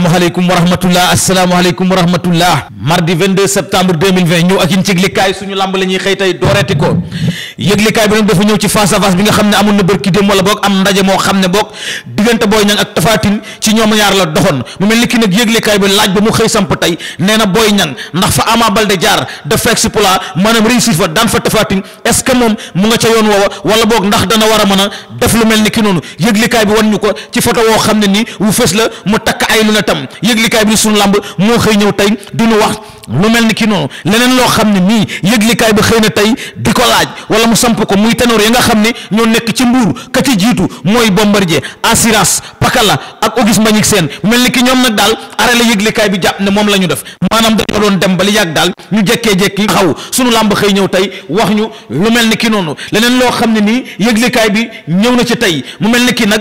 asalaamaaleykum wa rahmatullah asalaamaaleykum wa rahmatullah mardi 22 septembre 2020 ñëw ak yéen ci yëglikaay suñu lamb la ñuy xëy tey dooreeti ko yëglikaay bi nag dafa ñëw ci face bi nga xam ne amoon na bërki dem wala boog am ndaje moo xam ne boog diggante Boy Niang ak Tapha Tine ci ñoom ñaar la doxoon mu mel ni ki nag yëglikaay bi laaj ba mu xëy samp tey nee na Boy Niang ndax fa Ama Baldé jaar daf fa exploit maanaam réussir fa daan fa Tapha Tine ce que moom mu nga ca yoon woowa wala boog ndax dana war a a def lu mel ni ki noonu yëglikaay bi wan ñu ko ci photo woo xam ne nii wu fës la mu takk ay lu na tam yëglikaay bi ni suñu làmb moo xëy ñëw tey nu wax lu mel ni ki noonu leneen loo xam ne nii yëglikaay bi xëy na tey di ko laaj wala mu samp ko muy ténor ya nga xam ne ñoo nekk ci mburu ka ci jiitu mooy bombardier assurance tubaarkalla ak Auguste Mbagnick Sène mel ni ki ñoom nag daal are la yëglikaay bi jàpp ne moom la ñu def maanaam dañoo doon dem ba li yàgg daal ñu jekkee-jekki xaw sunu làmb xëy ñëw tey wax ñu lu mel ni ki noonu leneen ne nii yëglikaay bi ñëw na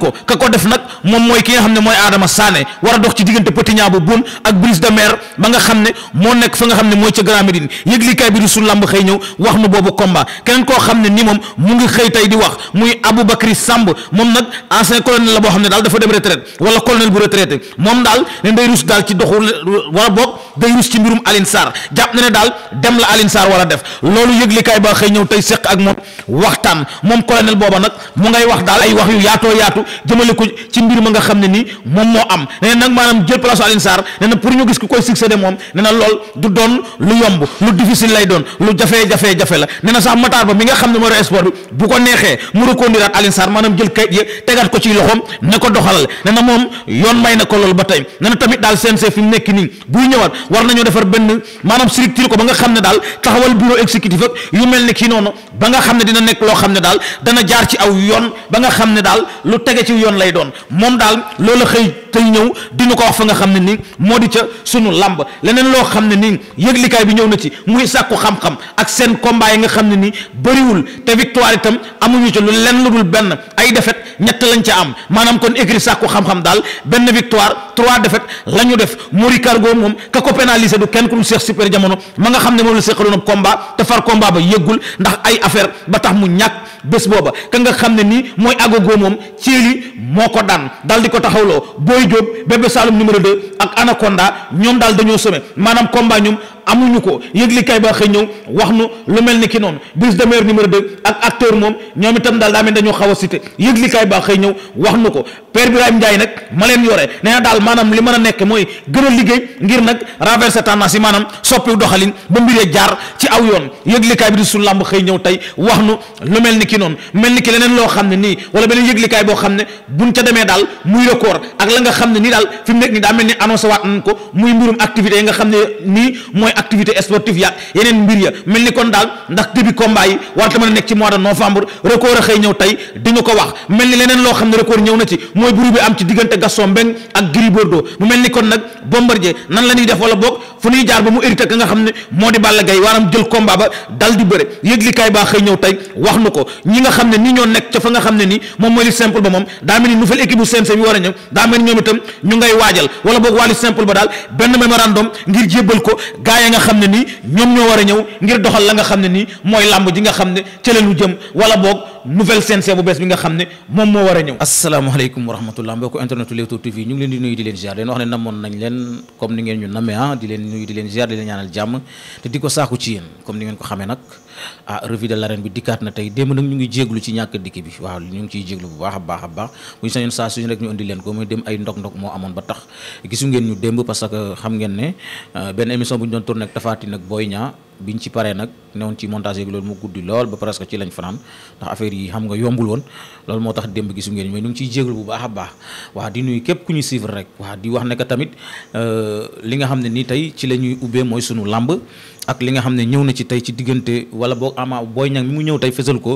ko ka ko def nag moom mooy ki nga xam ne mooy Adama Sané war a dox ci diggante Petit Niang bu Boun ak Brise de Mer ba nga ne moo nekk fa nga xam ne mooy ca Grand Médine yëglikaay bi di sunu làmb xëy ñëw wax nu boobu combat keneen koo xam ne ni moom mu ngi xëy tey di wax muy Aboubacry Samb moom nag ancien colonel la boo xam ne daal dafa dem retraite wala colonel bu retraité moom daal ne day rus daal ci doxu wala boog day rus ci mbirum Alioune jàpp na ne daal dem la Alioune Sarr def loolu yëglikaay ba xëy ñëw tey seq ak moom waxtaan moom colonel booba nag mu ngay wax daal ay wax yu yaatoo yaatu jëmale ko ci mbir ma nga xam ne nii moom moo am nee nag maanaam jël place Alioune Sarr na pour ñu gis ku koy succédé moom nee na lool du doon lu yomb lu difficile lay doon lu jafe-jafe jafe la nee na sax Matar Ba mi nga xam ne mooy wéraat Alioune Sarr maanaam jël kayit ya tegaat ko ci loxoom ne ko doxalal ne na moom yoon may na ko ba tey ne na tamit daal CNG fi mu nii buy ñëwaat war nañoo defar benn maanaam structure ko ba nga xam ne daal taxawal bureau exécutif yu mel ne kii noonu ba nga xam ne dina nekk loo xam ne daal dana jaar ci aw yoon ba nga xam ne daal lu tege ci yoon lay doon moom daal loola xëy tey ñëw dina ko wax fa nga xam ne nii moo di ca sunu làmb leneen loo xam ne nii yëglikaay bi ñëw na ci muy sàkku xam-xam ak seen combat yi nga xam ne nii bëriwul te victoire dul benn ay défaite ñett lañ ca am maanaam kon écrit sàkku xam-xam daal benn victoire trois défaite la ñu def Mori Cargo moom ka ko pénaliser du kenn ko dul Cheikh Super Jamono ma nga xam ne moom la seqaloon ab combat te far combat ba yëggul ndax ay affaire ba tax mu ñàkk bés booba ka nga xam ne nii mooy agogo moom Thiéli moo ko daan daal di ko taxawloo Boy Diop Bébé Saloum numéro 2 ak Anaconda ñoom daal dañoo some maanaam combat ñoom amuñu ko yëgli kay ba wax nu lu mel ni ki noonu brise de mer numéro 2 ak acteur moom ñoom itam daal daa mel dañoo xaw a cité yëglikaay baa xëy ñëw wax nu ko Père Birahim Ndiaye nag ma leen yore nee na daal maanaam li mën a nekk mooy gën a liggéey ngir nag renverser tendance yi maanaam soppi doxalin ba mbiree jaar ci aw yoon yëglikaay bi di su làmb xëy ñëw tey wax nu lu mel ni ki noonu mel ni ki leneen loo xam ne nii wala beneen yëglikaay boo xam ne buñ ca demee daal muy record ak la nga xam ne nii daal fi mu nekk nii daa mel ni annoncé waat nañ ko muy mbirum activité nga xam ne nii mooy activité sportive yaat yeneen mbir ya mel ni kon daal ndax début combat yi war ta mën a nekk ci de novembre record a xëy ñëw wax mel ni leneen loo xam ne record ñëw na ci mooy buru bi am ci diggante Gaston Mbengue ak Gris Bordeaux mu mel ni kon nag Bombardier nan la ñuy def wala boog fu ñuy jaar ba mu hérité nga xam ne moo di Balla Gaye waram jël combat ba dal di bëre yëglikaay baa xëy ñëw wax nu ko ñi nga xam ne ni ñoo nekk ca fa nga xam ne nii moom mooy li ba moom daa mel ni nouvelle équipe bu CNG bi war a ñëw daa mel ni ñoom itam ñu ngay waajal wala boog waa li simple ba daal benn mémorandum ngir ko gaa ya nga xam ne nii ñoom ñoo war a ñëw ngir doxal la nga xam ne nii mooy làmb ji nga xam ne ca la jëm wala boog nouvelle CNG bu bees bi nga xam ne moom moo war a ñëw asalaamaaleykum wa rahmatullah mbokk internetu Leewtoo TV ñu ngi leen di nuyu di leen ziar leen wax ne namoon nañ leen comme ni ngeen ñu namee ah di leen nuyu di leen ziar di leen ñaanal jàmm te di ko saaku ci yéen comme ni ngeen ko xamee nag ah revue de l'arène bi dikkaat na tey démb nag ñu ngi jéeglu ci ñàkk dikk bi waaw ñu ngi ciy jéeglu bu baax a baax a baax bu ñu sañoon saa suñu rek ñu indi leen ko muy dem ay ndok ndok moo amoon ba tax gisu ngeen ñu démb parce que xam ngeen ne ah, benn émission bu ñu doon tourné ak tafaati nag booy ñaa biñ ci paree nag newoon ci montage loolu mu guddi lool ba presque ci lañ fanaan ndax affaire yi xam nga yombul woon loolu moo tax démb gisu ngeen mais ñu ngi ciy jéeglu bu baax a baax waa di nuyu képp ku ñu suivre rek waa di wax ne tamit euh, li nga xam ne nii tey ci la ñuy ubbee mooy sunu làmb ak li nga xam ne ñëw na ci tey ci diggante wala boog ama booy ñang mi mu ñëw tey fësal ko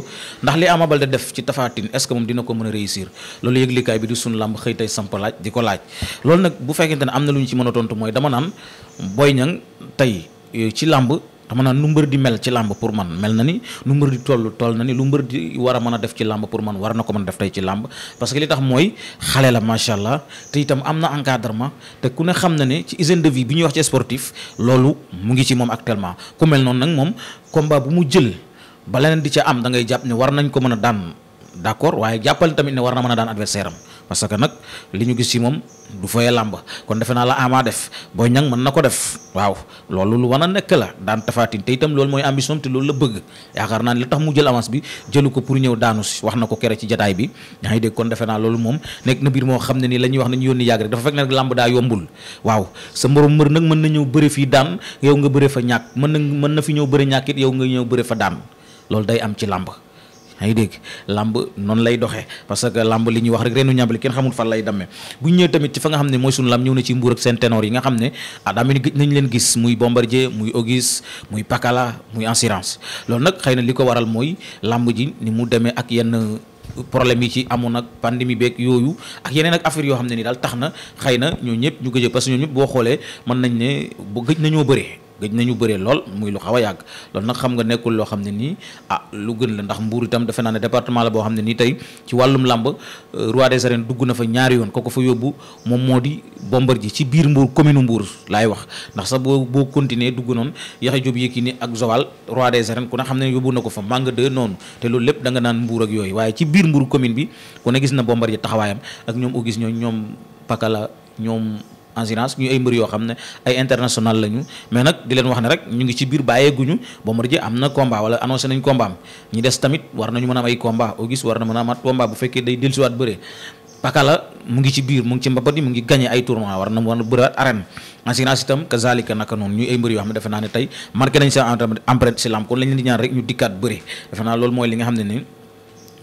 ndax li Ama Baldé def ci tafaatin est moom dina ko mën a réussir loolu yëglikaay bi di suñu làmb xëy tey samp laaj di ko laaj loolu nag bu fekkente ne am na lu ñu ci mën a tontu mooy dama naan booy ñang tey ci làmb dama naan lu mbër di mel ci làmb pour man mel na ni lu mbër di toll toll na ni lu mbër di war a mën a def ci làmb pour man war na ko mën a def tey ci làmb parce que li tax mooy xale la macha allah te itam am na encadrement te ku ne xam na ne ci hygiène de vie bi ñuy wax ci sportif loolu mu ngi ci moom actuellement ku mel noonu nag moom combat bu mu jël ba leneen di ca am da ngay jàpp ne war nañ ko mën a daan d'accord waaye jàppal tamit ne war na mën a daan adversaire am parce que nag li ñu gis ci moom du fooyee làmb kon defe naa la Ama def Boy Niang mën na ko def waaw loolu lu war a nekk la daan tafaatin te itam loolu mooy ambition te loolu la bëgg yaakaar naa ne li tax mu jël avance bi jëlu ko pour ñëw daanu si wax na ko kere ci jataay bi yaa ngi dégg kon defe naa loolu moom nekk na biir moo xam ne nii la ñuy wax nañu yónni yàgg rek dafa fekk ne rek làmb daa yombul waaw sa morom mbër nag mën na ñëw bëre fii daan yow nga bëre fa ñàkk mën na mën na fi ñëw bëre ñàkk yow nga ñëw bëre fa daan loolu day am ci làmb yaa ngi dégg làmb noonu lay doxe parce que làmb li ñuy wax rek reenu ñàmbali kenn xamul fan lay demee bu ñu ñëwee tamit ci fa nga xam ne mooy suñu làmb ñëw na ci mbuur ak seen ténor yi nga xam ne ah daa ni gëj nañ leen gis muy bombardier muy ogis muy pakala muy assurance loolu nag xëy na li ko waral mooy làmb ji ni mu demee ak yenn problème yi ci amoon ak pandémie beeg yooyu ak yeneen ak yoo xam ne ni daal tax na xëy na ñoo ñëpp ñu gëj parce que ñoo boo xoolee mën nañ ne bu gëj nañoo bëree gëj nañu bëree lool muy lu xaw a yàgg loolu nag xam nga nekkul loo xam ne nii ah lu gën la ndax mbuur itam defe naa ne la boo xam ne nii tey ci wàllum làmb euh, roi des arènes dugg na fa ñaari yoon kooku fa yóbbu moom moo di bombar ji ci biir mbuur commune mbuur ak Joal roi des arènes ku ne xam ne yóbbu na ko fa màng de noonu te loolu lépp da nga naan mbuur ak yooyu waaye ci biir mbuur commune bi ku ne gis na bombar ji taxawaayam ak ñoom Auguste ñoom ñoom assurance ñu ay mbër yoo xam ne ay international lañu mais nag di leen wax ne rek ñu ngi ci biir bàyyeeguñu Bombardier am na combat wala annoncé nañ combat am ñi des tamit war nañu mën a am ay combat Auguste war na mën a amaat combat bu fekkee day dellusiwaat bëree pakala mu ngi ci biir mu ngi ci mbabat mu ngi gagné ay tournois war na war na bëraat arène assurance itam kazalika naka noonu ñuy ay mbër yoo xam ne defe naa ne tey marqué nañ sa empreinte si di ñaan rek mooy li nga xam ne ni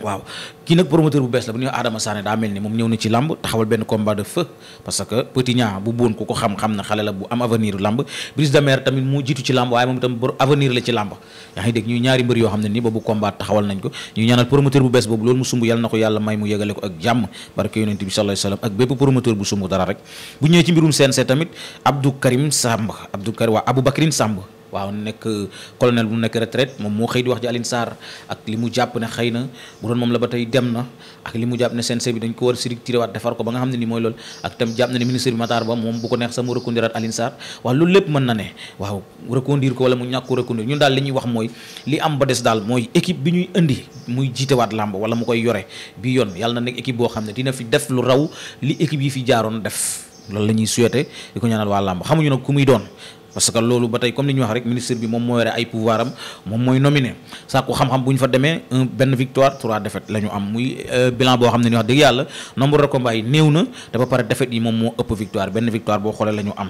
waaw kii nag promoteur bu bees la bu ñuy Adama Sané daa mel ni moom ñëw na ci lamb taxawal benn combat de feu parce que Petit Niang bu boon ku ko xam-xam na xale la bu am avenir lamb Brise de Mer tamit mu jiitu ci lamb waaye moom itam avenir la ci lamb yaa ngi dégg ñuy ñaari mbër yoo xam ne nii boobu combat taxawal nañ ko ñuy ñaanal promoteur bu bees boobu loolu mu sumb yàlla na ko yàlla may mu yegale ko ak jàmm barke yonent bi sallallahu alayhi wasallam ak bépp promoteur bu sumb dara rek bu ñëwee ci mbirum CNC tamit Abdou waaw nekk colonel bu nekk retraite moom moo xëy di wax ji Alioune ak li mu jàpp ne xëy na bu doon moom la ba tey dem na ak li mu jàpp ne CNG bi dañ ko war a structuré waat defar ko ba nga xam ne ni mooy loolu ak itam jàpp na ne ministre bi Matar Ba moom bu ko neex sax mu reconduire at Alioune Sarr waaw mën na ne waaw reconduire ko wala mu ñàkk ko reconduire ñun daal li ñuy wax mooy li am ba des daal mooy équipe bi ñuy indi muy jiitewaat làmb wala mu koy yore bi yoon yàlla na nekk boo xam ne dina fi def lu raw li équipe fi jaaroon def loolu la ñuy souhaité ko ñaanal waa làmb xamuñu nag ku muy doon parce que loolu ba tey comme ni ñu wax rek ministre bi moom moo yore ay pouvoir am moom mooy nominé sàkku xam-xam bu ñu fa demee benn victoire trois défaites la ñu am muy euh, bilan boo xam ne ni wax dëgg yàlla nombre de combats yi néew na dafa pare défaites yi moom moo ëpp victoire benn victoire boo xoolee la ñu am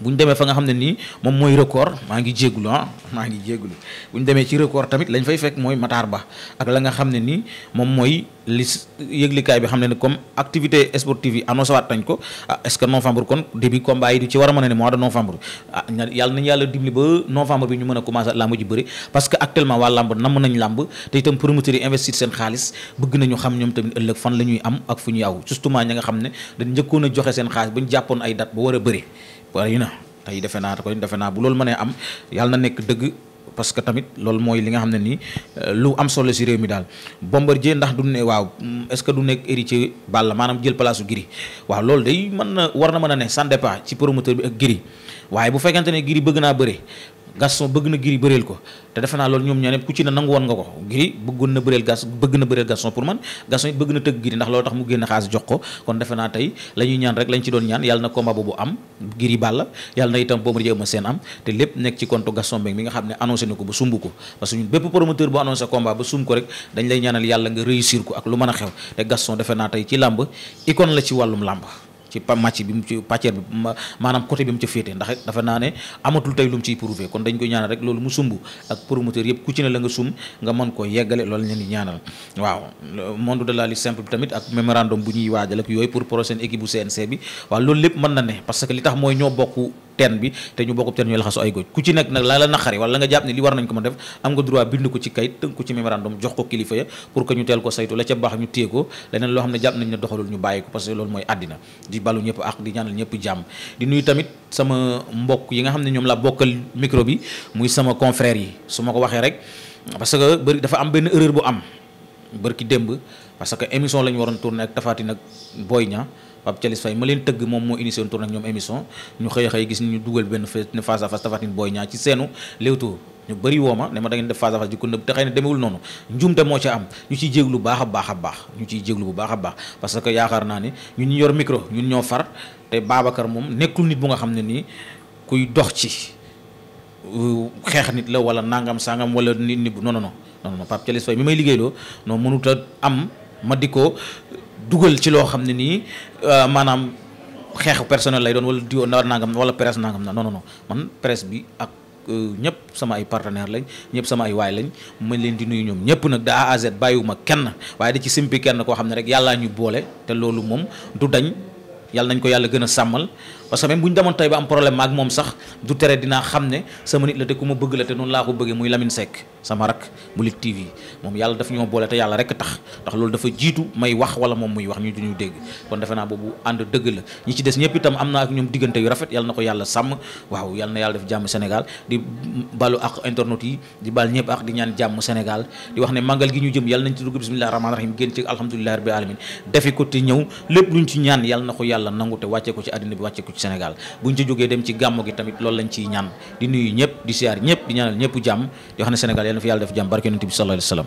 bu ñu demee fa nga xam ne nii moom mooy record maa ngi jégalu ah, maa ngi jégalu bu ñu demee ci record tamit lañu fay fekk mooy Matar Ba ak la nga xam ne nii moom mooy li yëglikaay bi xam ne ni comme activité sportive yi annoncé waat nañ ko ah est ce que novembre kon début yi du ci war a mën a ne mois de novembre ah yàlla nañu yàlla dimbali ba novembre bi ñu mën a commencé làmb ji bëri parce que actuellement waa làmb namm nañ làmb te itam promoteur yi investir ñoom tamit ëllëg fan la ñuy am ak fu ñu yaw justement ña nga xam ne dañ njëkkoon a joxe seen xaalis ba ñu jàppoon ay date a bëri rey na tey defe naa ko defe naa bu loolu mënee am yàlla na nekk dëgg parce que tamit loolu mooy li nga xam ne nii euh, lu am solo si réew mi daal Bombardier ndax du ne waaw mm, est-ce que du nekk ci Balla maanaam jël place su Gris waaw loolu day mën na war na mën a ne sans départ ci promoteur bi ak Gris waaye bu fekkente ne Gris bëgg naa bëre Gaston bëgg na Gris bëreel ko te defe naa loolu ñoom ñoo ku ci ne nangu woon nga ko Gris bëggoon na bëreel gas bëgg na bëreel Gaston pour man Gaston it bëgg na tëgg Gris ndax loolu tax mu génn xaalis jox ko kon defe naa tey la ñaan rek lañ ci doon ñaan yàlla na combat boobu am Gris Balla yàlla na itam Bombardier ma seen am te lépp nekk ci compte Gaston Mbengue mi nga xam ne annoncé na ko ba sumb ko parce que ñun bépp promoteur bu annoncé combat ba sumb ko rek a xew te Gaston naa tey ci làmb icône la ci wàllum làmb ci match bi mu ci pàcceer bi maanaam côté bi mu ci féete ndax dafa naa ne amatul tey lu ciy prouvé kon dañ koy ñaanal rek loolu mu sumb ak promoteur yëpp ku ci ne la nga sum nga mën ko yeggale loolu ñaanal waaw monde de simple bi tamit ak mémorandum bu ñuy waajal ak yooyu pour prochaine équipe bu CNC bi waaw loolu lépp mën na ne parce que li tax mooy ñoo bokk teen bi te ñu bokkub teen ñuy laxasu ay góoj ku ci nekk nag la la naqari wala la nga jàpp ne li war nañ ko mën def am nga droit bind ko ci kayit tënk ko ci mémorandum jox ko kilifa ya pour que ñu teel ko saytu la ca baax ñu téye ko leneen loo xam ne jàpp nañ ne doxalul ñu bàyyi ko parce loolu mooy àddina di balu ñëpp ak di ñaanal ñëpp jàmm di nuyu tamit sama mbokk yi nga xam ne ñoom laa bokkal micro bi muy sama confrère yi su ma ko waxee rek parce que bëri dafa am benn erreur bu am bërki démb parce que émission la ñu waroon tourné ak Tapha Tine ak Boy Niang Pape Thialis Faye ma leen tëgg moom moo initié woon tournée ak ñoom émission ñu xëy xëy gis ñu dugal benn face à face Tapha Tine Boy Niang ci seenu Leewtoo ñu bëri woo ma ne ma da ngeen def face à face di ko nëbb te xëy na demewul noonu njuumte moo ci am ñu ciy jéglu baax a baax a baax ñu ciy jéglu bu baax a baax parce que yaakaar naa ne ñun ñu yor micro ñun ñoo far te Babacar moom nekkul nit bu nga xam ne nii kuy dox ci euh, xeex nit la wala nangam sangam wala nit nit non non non non Pape Thialis Faye mi may liggéeyloo non mënut a am ma di ko dugal ci loo xam ne nii euh, maanaam xeexu personnel lay doon wala diw na wala presse nangam na non non non man presse bi ak euh, ñëpp sama ay partenaire lañ ñëpp sama ay waay lañ ma leen di nuyu ñoom ñëpp nag daa A à Z bàyyiwuma kenn waaye da ci simpi kenn koo xam ne rek yàllaa ñu boole te loolu moom du dañ yàlla nañ ko yàlla gën a sàmmal parce que même bu ñu demoon tey ba am problème ak moom sax du tere dinaa xam ne sama nit la te ku ma bëgg la te noonu laa ko bëggee muy Lamine Seck sama rak bu Lutte TV moom yàlla daf ñoo boole te yàlla rek tax ndax loolu dafa jiitu may wax wala moom muy wax ñu duñu dégg kon defe naa boobu ànd dëgg la ñi ci des ñëpp itam am naa ak ñoom diggante yu rafet yàlla na ko yàlla sàmm waaw yàlla na yàlla def jàmm Sénégal di balu ak internet yi di bal jàmm Sénégal di wax ne màggal gi ñu jëm yàlla nañ ci dugg bismillahi rahmaani rahim génn ci alhamdulillahi rabbil alamin defe ko te ñëw lépp ci Sénégal buñ ci jógee dem ci gàmmu gi tamit loolu lañ ciy ñaan di nuyu ñëpp di siyaar ñëpp di ñaanal ñëpp jàmm di wax ne Sénégal yal na fi yàlla def jàmm barke yonent bi sallallahu alayhi wa